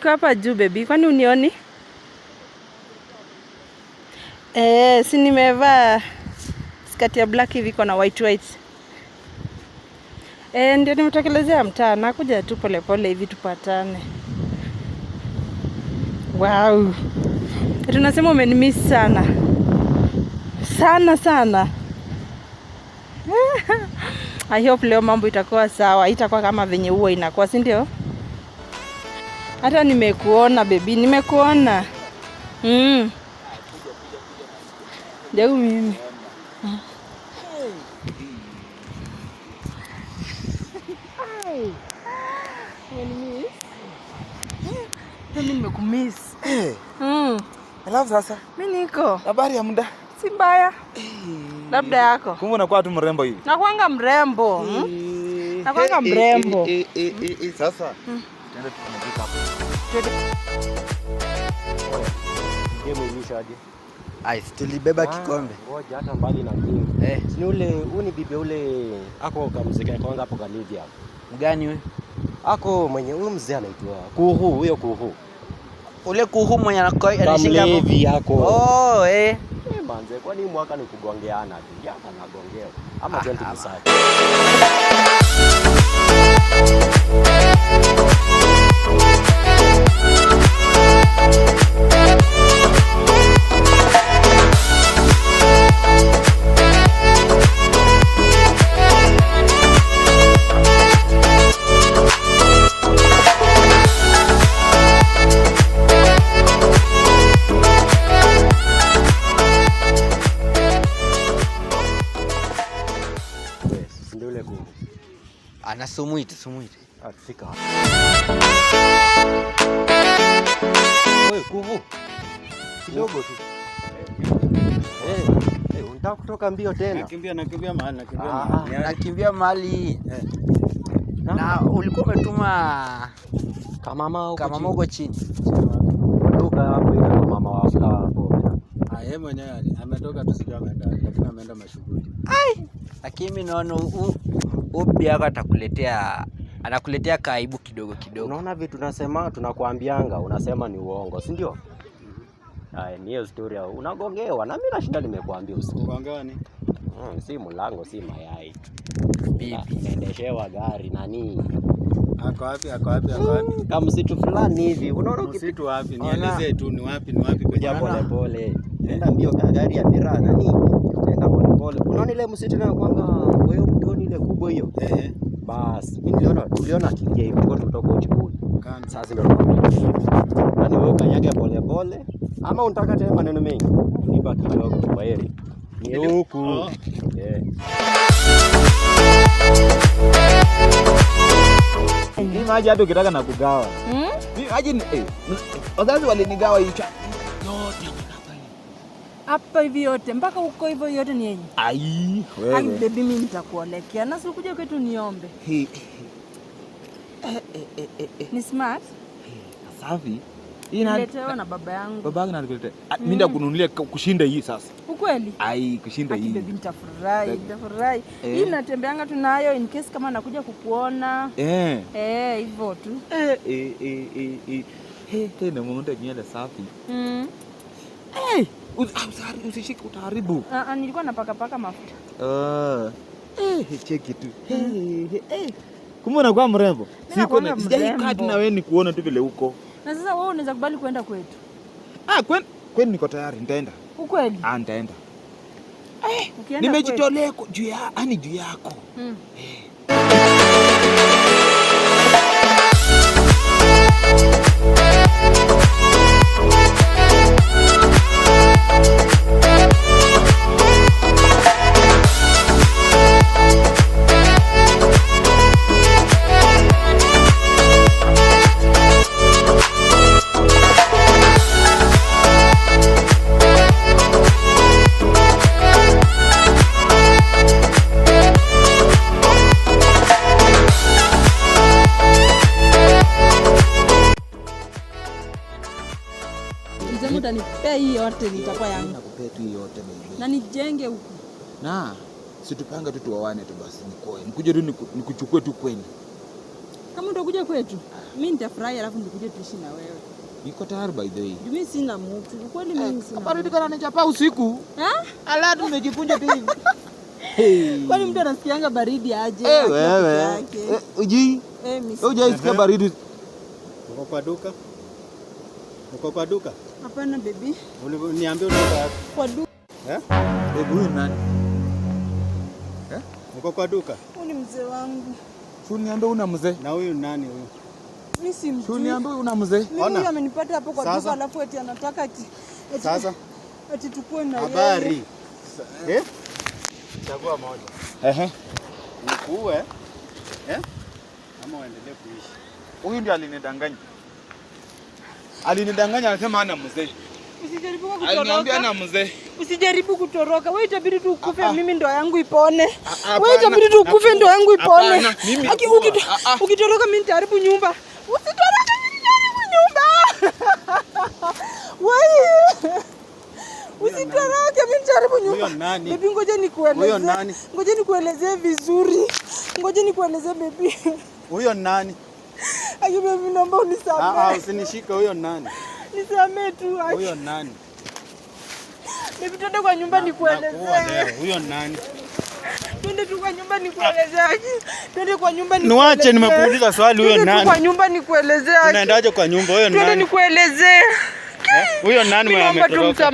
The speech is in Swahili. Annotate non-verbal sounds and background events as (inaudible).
Niko hapa juu baby, kwani unioni? Eh, si nimevaa skati ya black hivi iko na white white. Eh, ndio nimetokelezea mtaa, nakuja tu polepole hivi tupatane. Wow, tunasema umenimiss sana sana sana. (laughs) I hope leo mambo itakuwa sawa, itakuwa kama venye huwa inakuwa, si ndio? Hata nimekuona bebi, nimekuona mm. Jau mimi nimekumiss. Alafu eh. mm. sasa mimi niko habari ya muda si mbaya eh. labda yako. Kumbe unakuwa tu mrembo hivi? mrembo, mrembo sasa Tuende tulibeba ah, kikombe. Ngoja hata eh. ni ule uni bibi ule ako kamzekea kwanza hapo kalidi hapo. Mgani we Ako mwenye huyu mzee anaitwa Kuhu, huyo Kuhu. Ule Kuhu mwenye anashika mvi yako. Oh, eh. Eh, manze, kwani mwaka ni kugongeana tu. Yaka nagongea. Ama 20 ah, msaki. sumuite sumuite atufika ah, oi kuvu kidogo tu eh, eh, eh, unataka kutoka mbio tena? Nakimbia, nakimbia mahali, nakimbia ah, mahali. Ah, nakimbia mahali. Na ulikuwa umetuma kamama huko kamama huko chini. Toka hapo ile mama wa hapo. Ah, yeye mwenyewe ametoka tu sijui lakini ameenda mashughuli. Ai, lakini naona ubi yako atakuletea anakuletea kaibu kidogo kidogo. Unaona vitu tunasema tunakuambianga, unasema ni uongo, si ndio? Mm-hmm. Haya, ni hiyo story au unagongewa? Na mimi nashinda nimekuambia usiku. Gongani? Hmm, si mlango si mayai. Bibi naendeshewa gari nani? Ako wapi? Ako wapi? Ako wapi? Mm, kama msitu fulani hivi. Unaona kitu msitu wapi? Nielezee tu ni wapi? Ni wapi? Kuja pole pole. Nenda mbio gari ya miraa nani? naenda polepole. Unaona ile msitu na kwanga wewe mtoni ile kubwa hiyo. Eh. Bas, mimi niliona tuliona akiingia hivi kwa kutoka uchukuni. Sasa ndio Na ni yaani wewe kanyage polepole ama unataka tena maneno mengi? Nipa kidogo kwa yeye. Ni huku. Eh. Ni maji hata ukitaka na kugawa. Hmm? Mimi maji eh, wazazi walinigawa hicho. No, no hapa hivi yote mpaka huko hivyo yote ni yenye. Ai, wewe. Ai, baby mimi nitakuolekea. Na sikuja kwetu niombe. Hey. Eh, eh, eh, eh, eh. Ni smart? Hey, safi. Niletewa na baba yangu. Baba yangu anakuletea. Ah, mimi hmm. ndakununulia kushinda hii sasa. Ukweli? Ai, kushinda hii. Baby nitafurahi, nitafurahi. Eh. Hii natembeanga tu nayo in case kama nakuja kukuona. Eh. Eh, hivyo tu. Eh, eh, eh, eh. eh. Hey, tena muonde nywele safi. Mm. Eh. Hey. Usishike ah, utaharibu. Ah, ah, nilikuwa napakapaka mafuta. Eh, cheki tu. Hmm. Eh, eh. Kumbe unakuwa mrembo. Sijakati na wewe nikuone tu vile uko. Na sasa wewe unaweza kubali kwenda kwetu? Ah, kweli kweli niko tayari nitaenda. Ukweli? Ah, nitaenda. Nimejitolea juu ya, yani juu yako. Mm. Eh. utanipea hii yote nitakuwa yangu. Nakupea tu hii yote baby. Na nijenge huku. Na si situpanga tu tuoane tu basi nikoe. Nikuje tu nikuchukue tu kweni. Kama utakuja kwetu, mimi nitafurahi alafu nikuje tuishi na wewe. Niko tayari by the way. Mimi sina mtu. Kweli mimi eh, sina. Habari dikana nichapa usiku. Eh? Alafu tumejikunja tu hivi. (laughs) Kwani mtu anasikianga baridi aje? Eh wewe. Eh, ujui? Eh mimi. Hujaisikia baridi. kwa duka? Uko kwa duka? Hapana baby. Niambie uko kwa duka. Eh? Bibi huyu nani? Eh? Uko kwa duka? Huyu ni mzee wangu. Niambie una mzee. Na huyu nani huyu? Mimi si mzee. mjui. Niambie una mzee. Mimi amenipata hapo kwa duka alafu eti anataka eti. Sasa. Eti tukue na yeye. Habari. Eh? eh? Chagua moja. Ehe. Nikuue. Eh? Ama uendelee kuishi. Huyu ndiye alinidanganya. Alinidanganya anasema hana mzee. Usijaribu kutoroka. Aliniambia ana mzee. Usijaribu kutoroka. Wewe itabidi tu ukufe ah, ah. mimi ndoa yangu ipone. Ah, Wewe itabidi tu ukufe ndoa yangu ipone. ukitoroka mimi nitaharibu nyumba. Usitoroke mimi nitaharibu nyumba. Wewe. Usitoroke mimi nitaharibu nyumba. Bibi ngoja nikueleze. Huyo nani? Ngoja nikuelezee vizuri. Ngoja nikuelezee bibi. Huyo nani? lakini mimi naomba unisamehe. Ah, ah, usinishike. Huyo nani? (laughs) Nisamehe tu. Huyo nani? Bibi, (laughs) twende kwa nyumba nikuelezee. Huyo nani? (laughs) Twende tu kwa nyumba nikuelezeaje? Twende kwa nyumba nikuelezee. Niwache, nimekuuliza swali. Huyo nani? Kwa nyumba nikuelezeaje? Unaendaje kwa nyumba? Huyo nani? Twende nikuelezee. Eh, huyo nani mwenye ametoroka?